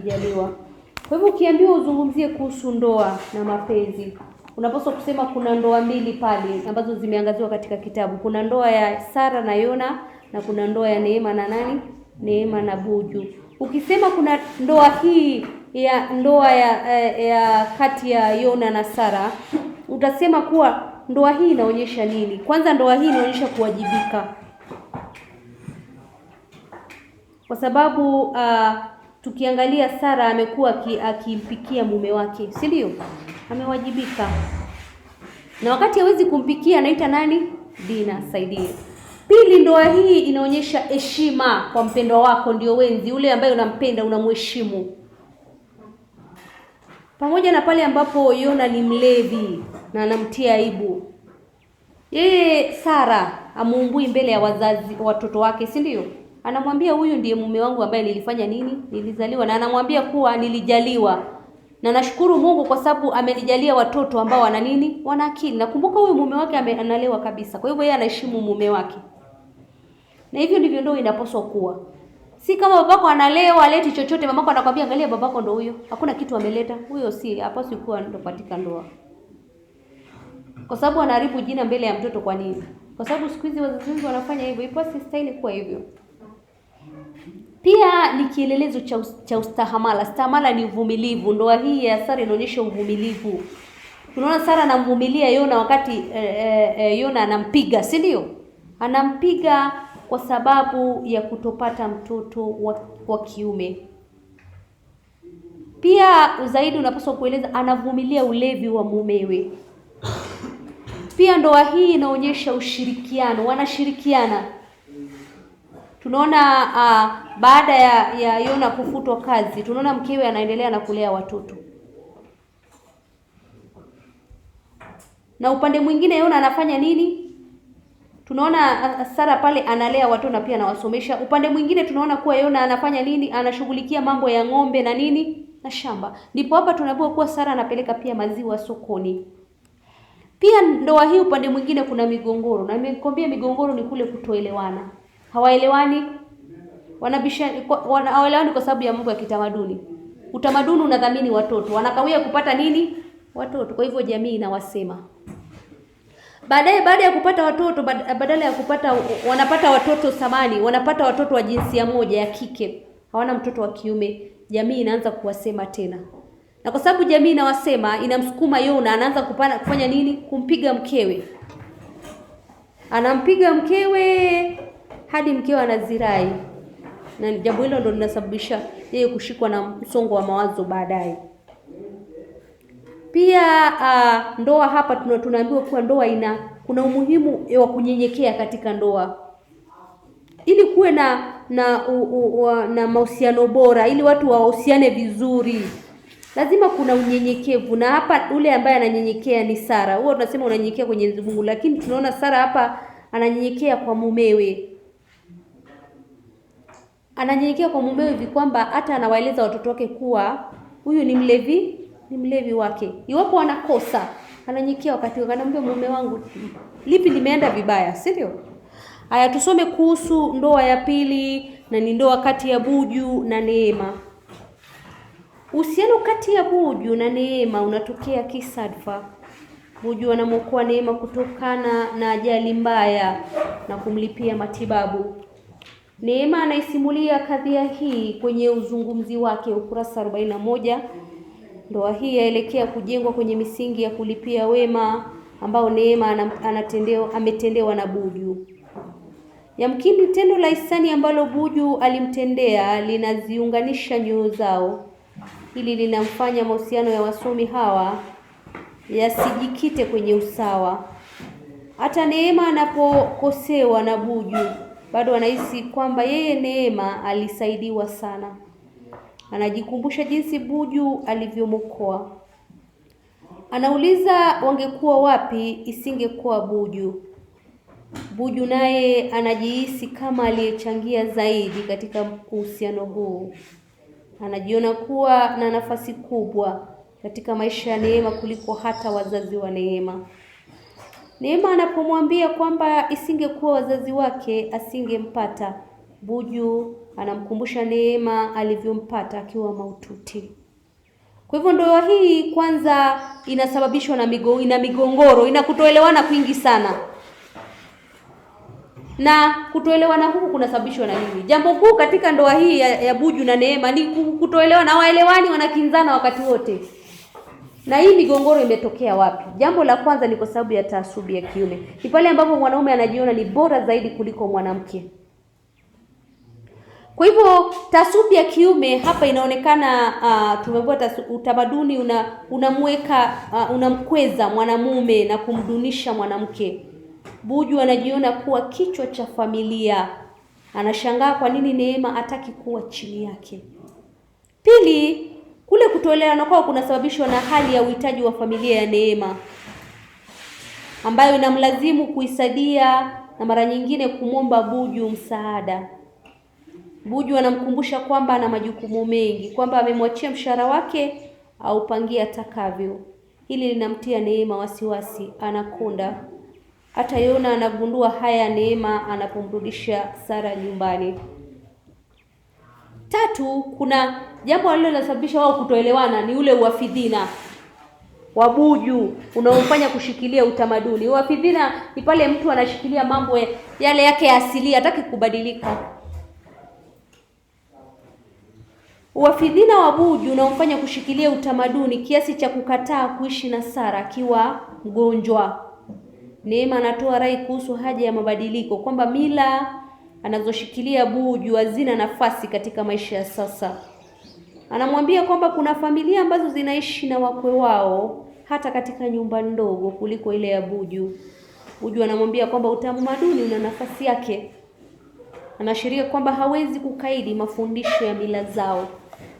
akijaliwa. Kwa hivyo ukiambiwa uzungumzie kuhusu ndoa na mapenzi, unapaswa kusema kuna ndoa mbili pale ambazo zimeangaziwa katika kitabu. Kuna ndoa ya Sara na Yona na kuna ndoa ya Neema na nani? Neema na Buju. Ukisema kuna ndoa hii ya ndoa ya, ya, eh, ya kati ya Yona na Sara, utasema kuwa ndoa hii inaonyesha nini? Kwanza, ndoa hii inaonyesha kuwajibika kwa sababu uh, Tukiangalia Sara amekuwa akimpikia mume wake, si ndio? Amewajibika, na wakati hawezi kumpikia anaita nani? Dina, saidie. Pili, ndoa hii inaonyesha heshima kwa mpendwa wako, ndio wenzi ule ambaye unampenda, unamheshimu, pamoja na pale ambapo Yona ni mlevi na anamtia aibu yeye. Sara amuumbui mbele ya wazazi, watoto wake, si ndio? Anamwambia huyu ndiye mume wangu ambaye nilifanya nini? Nilizaliwa na anamwambia kuwa nilijaliwa. Na nashukuru Mungu kwa sababu amenijalia watoto ambao wana nini? Wana akili. Nakumbuka huyu mume wake analewa kabisa. Kwa hivyo yeye anaheshimu mume wake. Na hivyo ndivyo ndoa inapaswa kuwa. Si kama babako analewa aleti chochote, mamako anakwambia angalia, babako ndo huyo, hakuna kitu ameleta huyo, si hapaswi kuwa ndo katika ndoa, kwa sababu anaharibu jina mbele ya mtoto. Kwa nini? Kwa sababu siku hizi wazazi wengi wanafanya hivyo. ipo si staili kuwa hivyo. Pia ni kielelezo cha, cha ustahamala. Stahamala ni uvumilivu. Ndoa hii ya Sara inaonyesha uvumilivu. Unaona, Sara anamvumilia Yona wakati e, e, Yona anampiga, si ndio? Anampiga kwa sababu ya kutopata mtoto wa, wa kiume. Pia zaidi unapaswa kueleza, anavumilia ulevi wa mumewe. Pia ndoa hii inaonyesha ushirikiano, wanashirikiana Tunaona uh, baada ya, ya Yona kufutwa kazi, tunaona mkewe anaendelea na kulea watoto, na upande mwingine Yona anafanya nini? Tunaona ah, Sara pale analea watoto na pia anawasomesha. Upande mwingine tunaona kuwa Yona anafanya nini? Anashughulikia mambo ya ng'ombe na nini na shamba. Ndipo hapa tunaambiwa kuwa Sara anapeleka pia maziwa sokoni. Pia ndoa hii, upande mwingine kuna migongoro, na nimekwambia migongoro ni kule kutoelewana hawaelewani, wanabishana, hawaelewani kwa sababu ya mambo ya kitamaduni. Utamaduni unadhamini watoto, wanakawia kupata nini? Watoto. Kwa hivyo jamii inawasema baadaye, baada ya kupata watoto, badala ya kupata wanapata watoto samani, wanapata watoto wa jinsia moja ya kike, hawana mtoto wa kiume. Jamii inaanza kuwasema tena, na kwa sababu jamii inawasema, inamsukuma Yona, anaanza kupana, kufanya nini? Kumpiga mkewe, anampiga mkewe hadi mkiwa anazirai, na jambo hilo ndo linasababisha yeye kushikwa na msongo wa mawazo baadaye. Pia uh, ndoa hapa tunaambiwa kuwa ndoa ina kuna umuhimu wa kunyenyekea katika ndoa ili kuwe na na u, u, u, na mahusiano bora, ili watu wahusiane vizuri, lazima kuna unyenyekevu, na hapa ule ambaye ananyenyekea ni Sara. Huwa tunasema unanyenyekea kwenye Mungu, lakini tunaona Sara hapa ananyenyekea kwa mumewe ananyenyekea kwa mume hivi kwamba hata anawaeleza watoto wake kuwa huyu ni mlevi, ni mlevi wake. Iwapo anakosa ananyenyekea wakati anamwambia mume wangu, lipi limeenda vibaya, si ndio? Haya, tusome kuhusu ndoa ya pili, na ni ndoa kati ya Buju na Neema. Uhusiano kati ya Buju na Neema unatokea kisadfa. Buju anamwokoa Neema kutokana na ajali mbaya na kumlipia matibabu. Neema anaisimulia kadhia hii kwenye uzungumzi wake ukurasa 41. Ndoa hii yaelekea kujengwa kwenye misingi ya kulipia wema ambao Neema anatendewa, ametendewa na Buju. Yamkini tendo la hisani ambalo Buju alimtendea linaziunganisha nyoyo zao. Hili linamfanya mahusiano ya wasomi hawa yasijikite kwenye usawa. Hata Neema anapokosewa na Buju bado anahisi kwamba yeye Neema alisaidiwa sana. Anajikumbusha jinsi Buju alivyomokoa Anauliza wangekuwa wapi isingekuwa Buju. Buju naye anajihisi kama aliyechangia zaidi katika uhusiano huu. Anajiona kuwa na nafasi kubwa katika maisha ya Neema kuliko hata wazazi wa Neema. Neema anapomwambia kwamba isingekuwa wazazi wake asingempata, Buju anamkumbusha Neema alivyompata akiwa maututi. Kwa hivyo ndoa hii kwanza inasababishwa na migo, ina migongoro, ina kutoelewana kwingi sana, na kutoelewana huku kunasababishwa na nini? Jambo kuu katika ndoa hii ya, ya Buju na Neema ni kutoelewana, hawaelewani, wanakinzana wakati wote. Na hii migongoro imetokea wapi? Jambo la kwanza ni kwa sababu ya taasubi ya kiume. Ni pale ambapo mwanaume anajiona ni bora zaidi kuliko mwanamke. Kwa hivyo taasubi ya kiume hapa inaonekana uh, ah, tumeambiwa utamaduni una unamweka uh, ah, unamkweza mwanamume na kumdunisha mwanamke. Buju anajiona kuwa kichwa cha familia. Anashangaa kwa nini Neema hataki kuwa chini yake. Pili, kule kutoeleana kwao kunasababishwa na hali ya uhitaji wa familia ya Neema ambayo inamlazimu kuisaidia na mara nyingine kumwomba Buju msaada. Buju anamkumbusha kwamba ana majukumu mengi, kwamba amemwachia mshahara wake aupangie atakavyo. Hili linamtia Neema wasiwasi, anakonda. Hata Yona anagundua haya Neema anapomrudisha Sara nyumbani. Tatu, kuna jambo alilosababisha wao kutoelewana ni ule uafidhina wabuju unaofanya kushikilia utamaduni. Uafidhina ni pale mtu anashikilia mambo yale yake ya asili, hataki kubadilika. Uafidhina wabuju unaofanya kushikilia utamaduni kiasi cha kukataa kuishi na Sara akiwa mgonjwa. Neema anatoa rai kuhusu haja ya mabadiliko kwamba mila anazoshikilia Buju hazina nafasi katika maisha ya sasa. Anamwambia kwamba kuna familia ambazo zinaishi na wakwe wao hata katika nyumba ndogo kuliko ile ya Buju. Buju anamwambia kwamba utamaduni una nafasi yake, anaashiria kwamba hawezi kukaidi mafundisho ya mila zao.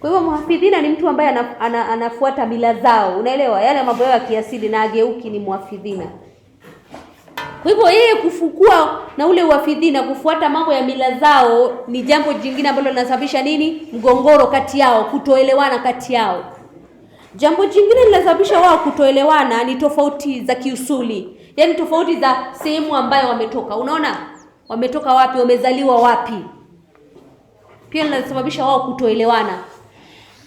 Kwa hivyo muhafidhina ni mtu ambaye ana, ana, anafuata mila zao, unaelewa, yale mambo yao ya kiasili na ageuki, ni muhafidhina. Kwa hivyo yeye kufukua na ule uafidhi na kufuata mambo ya mila zao ni jambo jingine ambalo linasababisha nini? Mgongoro kati yao, kutoelewana kati yao. Jambo jingine linasababisha wao kutoelewana ni tofauti za kiusuli, yaani tofauti za sehemu ambayo wametoka. Unaona, wametoka wapi, wamezaliwa wapi, pia linasababisha wao kutoelewana.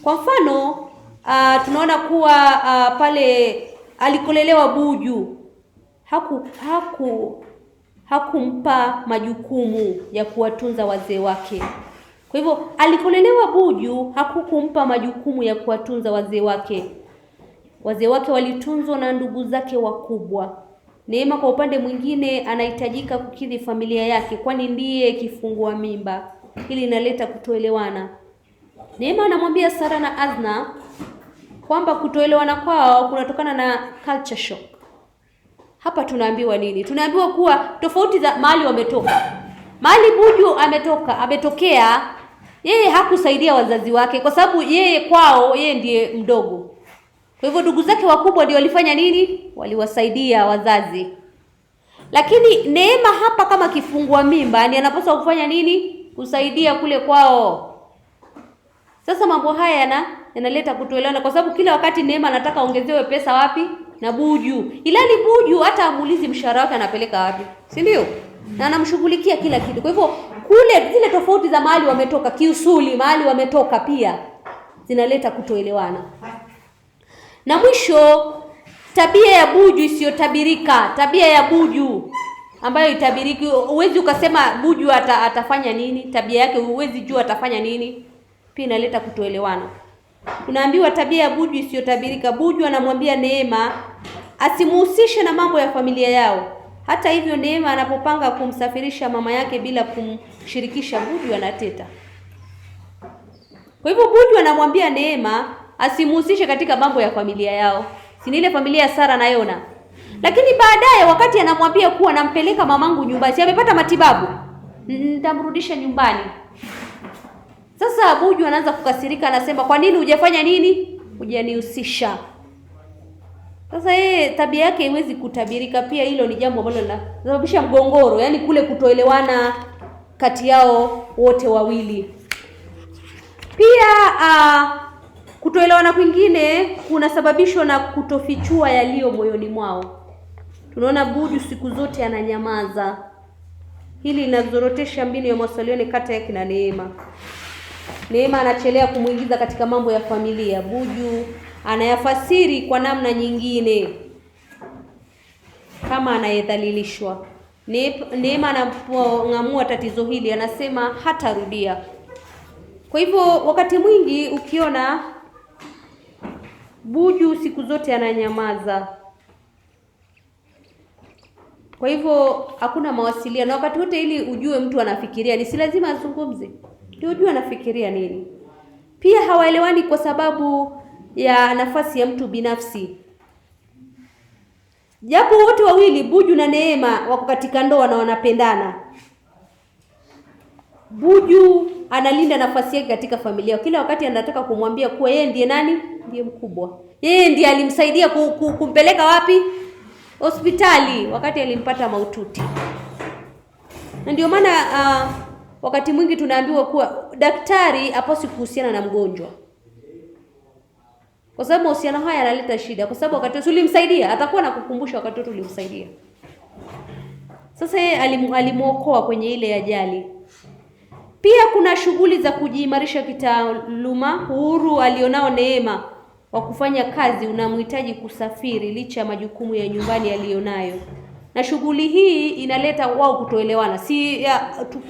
Kwa mfano uh, tunaona kuwa uh, pale alikolelewa Buju haku, haku hakumpa majukumu ya kuwatunza wazee wake. Kwa hivyo alikolelewa Buju hakukumpa majukumu ya kuwatunza wazee wake. Wazee wake walitunzwa na ndugu zake wakubwa. Neema kwa upande mwingine anahitajika kukidhi familia yake, kwani ndiye kifungua mimba. Hili inaleta kutoelewana. Neema anamwambia Sara na Azna kwamba kutoelewana kwao kunatokana na culture shock. Hapa tunaambiwa nini? Tunaambiwa kuwa tofauti za mali wametoka. mali Buju ametoka, ametokea yeye hakusaidia wazazi wake kwa sababu yeye kwao yeye ndiye mdogo. Kwa hivyo ndugu zake wakubwa ndio walifanya nini? Waliwasaidia wazazi. Lakini Neema hapa kama kifungua mimba, ni anapaswa kufanya nini? Kusaidia kule kwao. Sasa mambo haya yana yanaleta kutoelewana kwa sababu kila wakati Neema anataka ongezewe pesa wapi? na Buju, ilali Buju hata amuulizi mshahara wake anapeleka wapi, si ndio? Na anamshughulikia kila kitu. Kwa hivyo kule zile tofauti za mahali wametoka kiusuli, mahali wametoka pia zinaleta kutoelewana. Na mwisho tabia ya Buju isiyotabirika, tabia ya Buju ambayo itabiriki, huwezi ukasema Buju ata, atafanya nini, tabia yake huwezi jua atafanya nini, pia inaleta kutoelewana. Unaambiwa tabia ya Buju isiyotabirika. Buju anamwambia Neema asimuhusishe na mambo ya familia yao. Hata hivyo, Neema anapopanga kumsafirisha mama yake bila kumshirikisha Buju anateta. Kwa hivyo, Buju anamwambia Neema asimuhusishe katika mambo ya familia yao, si ile familia ya Sara na Yona. Lakini baadaye wakati anamwambia kuwa nampeleka mamangu nyumbani, si amepata matibabu, nitamrudisha nyumbani sasa Abuju anaanza kukasirika, anasema kwa nini hujafanya nini, hujanihusisha. Sasa yeye tabia yake haiwezi kutabirika. Pia hilo ni jambo ambalo linasababisha mgongoro, yaani kule kutoelewana kati yao wote wawili. Pia uh, kutoelewana kwingine kunasababishwa na kutofichua yaliyo moyoni mwao. Tunaona Buju siku zote ananyamaza. Hili linazorotesha mbinu ya mawasiliano kati yake na Neema. Neema anachelea kumwingiza katika mambo ya familia. Buju anayafasiri kwa namna nyingine kama anayedhalilishwa. Neema anapong'amua tatizo hili anasema hatarudia. Kwa hivyo wakati mwingi ukiona Buju siku zote ananyamaza, kwa hivyo hakuna mawasiliano. Wakati wote ili ujue mtu anafikiria, ni si lazima azungumze ndio jua anafikiria nini. Pia hawaelewani kwa sababu ya nafasi ya mtu binafsi. Japo wote wawili Buju na Neema wako katika ndoa na wanapendana, Buju analinda nafasi yake katika familia. Kila wakati anataka kumwambia kuwa yeye ndiye nani, ndiye mkubwa, yeye ndiye alimsaidia ku, ku, kumpeleka wapi hospitali wakati alimpata maututi, na ndio maana uh, Wakati mwingi tunaambiwa kuwa daktari hapaswi kuhusiana na mgonjwa, kwa sababu mahusiano haya yanaleta shida, kwa sababu wakati ulimsaidia atakuwa nakukumbusha wakati wote ulimsaidia. Sasa yeye alimwokoa kwenye ile ajali. Pia kuna shughuli za kujiimarisha kitaaluma. Uhuru alionao Neema wa kufanya kazi unamhitaji kusafiri licha ya majukumu ya nyumbani aliyonayo na shughuli hii inaleta wao kutoelewana. Si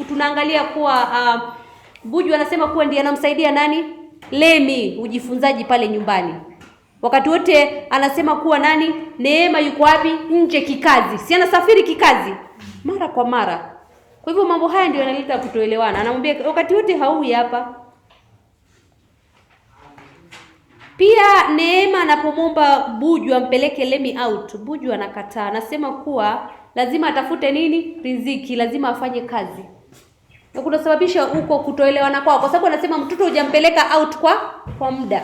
tunaangalia kuwa uh, Buju anasema kuwa ndiye anamsaidia nani Lemi ujifunzaji pale nyumbani, wakati wote anasema kuwa nani Neema yuko wapi nje kikazi, si anasafiri kikazi mara kwa mara. Kwa hivyo mambo haya ndio yanaleta kutoelewana, anamwambia wakati wote hauyi hapa Pia Neema anapomwomba Buju ampeleke Lemi out, Buju anakataa, anasema kuwa lazima atafute nini riziki, lazima afanye kazi na kunasababisha huko kutoelewana kwao, kwa sababu anasema mtoto hujampeleka out kwa kwa muda.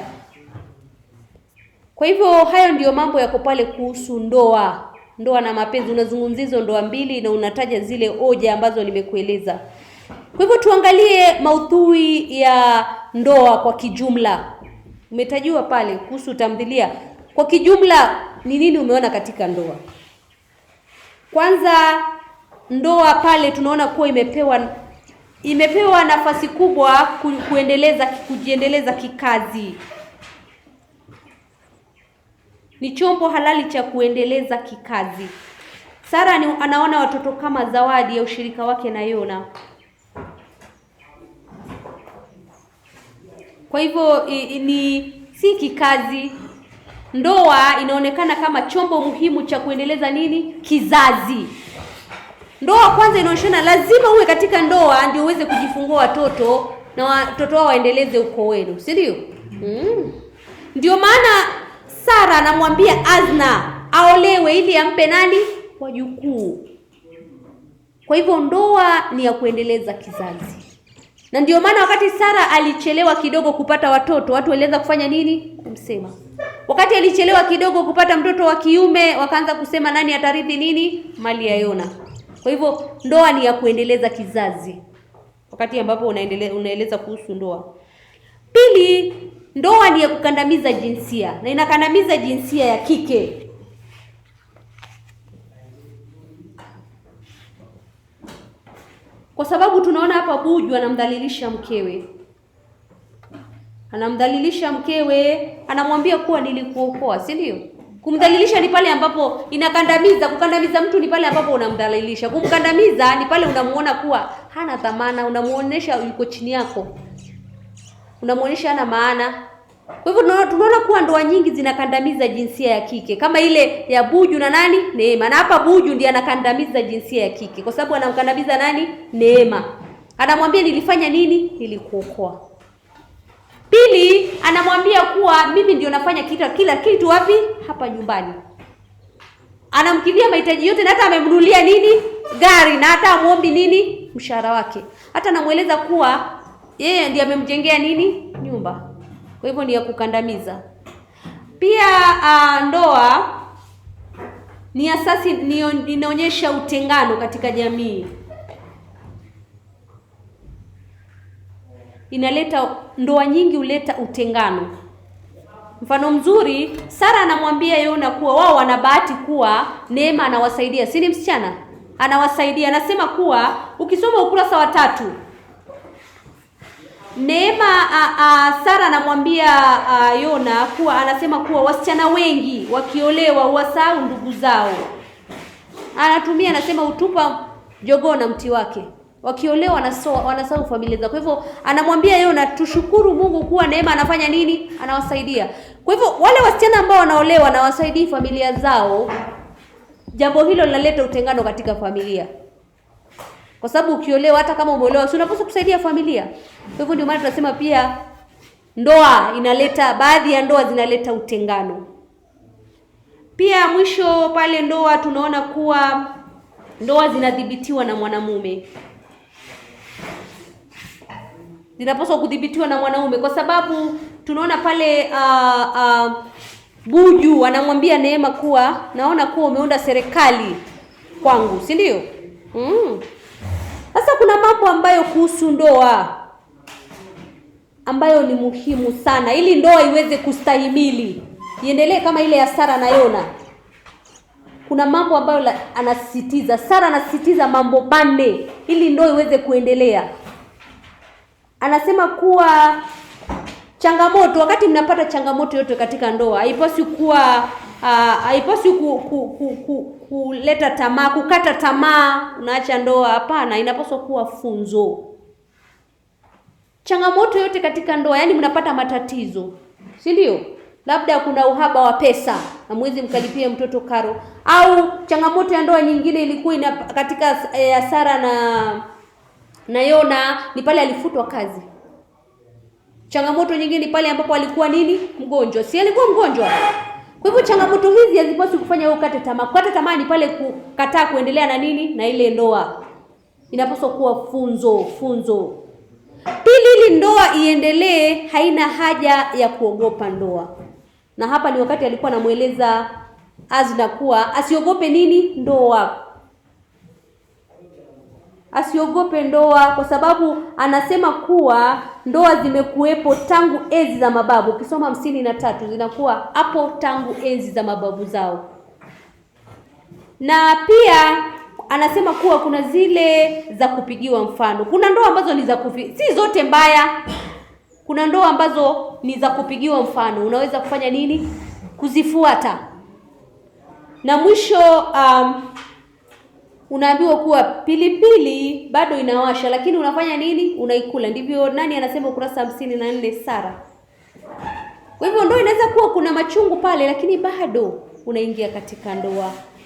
Kwa hivyo hayo ndiyo mambo yako pale kuhusu ndoa, ndoa na mapenzi. Unazungumzia hizo ndoa mbili na unataja zile hoja ambazo nimekueleza. Kwa hivyo tuangalie maudhui ya ndoa kwa kijumla umetajua pale kuhusu tamthilia. Kwa kijumla ni nini umeona katika ndoa? Kwanza, ndoa pale tunaona kuwa imepewa imepewa nafasi kubwa kuendeleza kujiendeleza kikazi. Ni chombo halali cha kuendeleza kikazi. Sara ni, anaona watoto kama zawadi ya ushirika wake na Yona. Kwa hivyo ni si kikazi. Ndoa inaonekana kama chombo muhimu cha kuendeleza nini? Kizazi. Ndoa kwanza inaonyeshana lazima uwe katika ndoa ndio uweze kujifungua watoto na watoto wao waendeleze uko wenu, si ndio? Mm. Ndio maana Sara anamwambia Azna aolewe ili ampe nani? Wajukuu. Kwa hivyo ndoa ni ya kuendeleza kizazi na ndio maana wakati Sara alichelewa kidogo kupata watoto, watu walianza kufanya nini? Kumsema. Wakati alichelewa kidogo kupata mtoto wa kiume, wakaanza kusema nani atarithi nini? Mali ya Yona. Kwa hivyo ndoa ni ya kuendeleza kizazi. Wakati ambapo unaendelea unaeleza kuhusu ndoa. Pili, ndoa ni ya kukandamiza jinsia na inakandamiza jinsia ya kike. kwa sababu tunaona hapa Buju anamdhalilisha mkewe, anamdhalilisha mkewe, anamwambia kuwa nilikuokoa, si ndio? Kumdhalilisha ni pale ambapo inakandamiza. Kukandamiza mtu ni pale ambapo unamdhalilisha. Kumkandamiza ni pale unamuona kuwa hana dhamana, unamuonesha yuko chini yako, unamuonesha hana maana. Kwa hivyo tunaona kuwa ndoa nyingi zinakandamiza jinsia ya kike, kama ile ya Buju na nani Neema. Na hapa Buju ndiye anakandamiza jinsia ya kike, kwa sababu anamkandamiza nani? Neema. Anamwambia nilifanya nini? Nilikuokoa. Pili, anamwambia kuwa mimi ndio nafanya kila kila kitu. Wapi? Hapa nyumbani. Anamkidhia mahitaji yote na hata amemnunulia nini? Gari, na hata amwombi nini? Mshahara wake. Hata anamweleza kuwa yeye ndiye amemjengea nini? Nyumba. Kwa hivyo ni ya kukandamiza. Pia uh, ndoa ni asasi inaonyesha utengano katika jamii, inaleta ndoa nyingi huleta utengano. Mfano mzuri, Sara anamwambia Yona kuwa wao wana bahati kuwa Neema anawasaidia, si ni msichana anawasaidia. Anasema kuwa ukisoma ukurasa wa tatu Neema a, a, Sara anamwambia Yona kuwa anasema kuwa wasichana wengi wakiolewa wasahau ndugu zao. Anatumia anasema utupa jogoo na mti wake. Wakiolewa wanasahau familia zao. Kwa hivyo anamwambia Yona tushukuru Mungu kuwa Neema anafanya nini? Anawasaidia. Kwa hivyo wale wasichana ambao wanaolewa na wasaidii familia zao, jambo hilo linaleta utengano katika familia. Kwa sababu ukiolewa hata kama umeolewa si unapaswa kusaidia familia. Kwa hivyo ndio maana tunasema pia ndoa inaleta baadhi ya ndoa zinaleta utengano. Pia mwisho pale ndoa tunaona kuwa ndoa zinadhibitiwa na mwanamume. Zinapaswa kudhibitiwa na mwanaume kwa sababu tunaona pale uh, uh, Buju anamwambia Neema kuwa naona kuwa umeunda serikali kwangu, si ndio? Mm. Sasa kuna mambo ambayo kuhusu ndoa ambayo ni muhimu sana ili ndoa iweze kustahimili iendelee kama ile ya Sara na Yona. Kuna mambo ambayo anasisitiza Sara, anasisitiza mambo manne ili ndoa iweze kuendelea. Anasema kuwa changamoto, wakati mnapata changamoto yote katika ndoa haipaswi kuwa Ah, haipaswi ku, ku, ku, ku, kuleta tamaa, kukata tamaa, unaacha ndoa. Hapana, inapaswa kuwa funzo. Changamoto yote katika ndoa, yaani mnapata matatizo, si ndio? Labda kuna uhaba wa pesa, hamwezi mkalipia mtoto karo, au changamoto ya ndoa nyingine ilikuwa ina katika eh, Sara na na Yona ni pale alifutwa kazi. Changamoto nyingine ni pale ambapo alikuwa nini, mgonjwa, si alikuwa mgonjwa kwa hivyo changamoto hizi hazipaswi kufanya wewe ukate tamaa. Kukata tamaa ni pale kukataa kuendelea na nini na ile ndoa. Inapaswa kuwa funzo, funzo. Pili, ili ndoa iendelee, haina haja ya kuogopa ndoa. Na hapa ni wakati alikuwa anamweleza Azna kuwa asiogope nini ndoa asiogope ndoa, kwa sababu anasema kuwa ndoa zimekuwepo tangu enzi za mababu. Ukisoma hamsini na tatu zinakuwa hapo tangu enzi za mababu zao, na pia anasema kuwa kuna zile za kupigiwa mfano. Kuna ndoa ambazo ni za kufi, si zote mbaya. Kuna ndoa ambazo ni za kupigiwa mfano, unaweza kufanya nini? Kuzifuata. Na mwisho um, unaambiwa kuwa pilipili bado inawasha, lakini unafanya nini? Unaikula. Ndivyo nani anasema ukurasa hamsini na nne Sara. Kwa hivyo ndoa inaweza kuwa kuna machungu pale, lakini bado unaingia katika ndoa.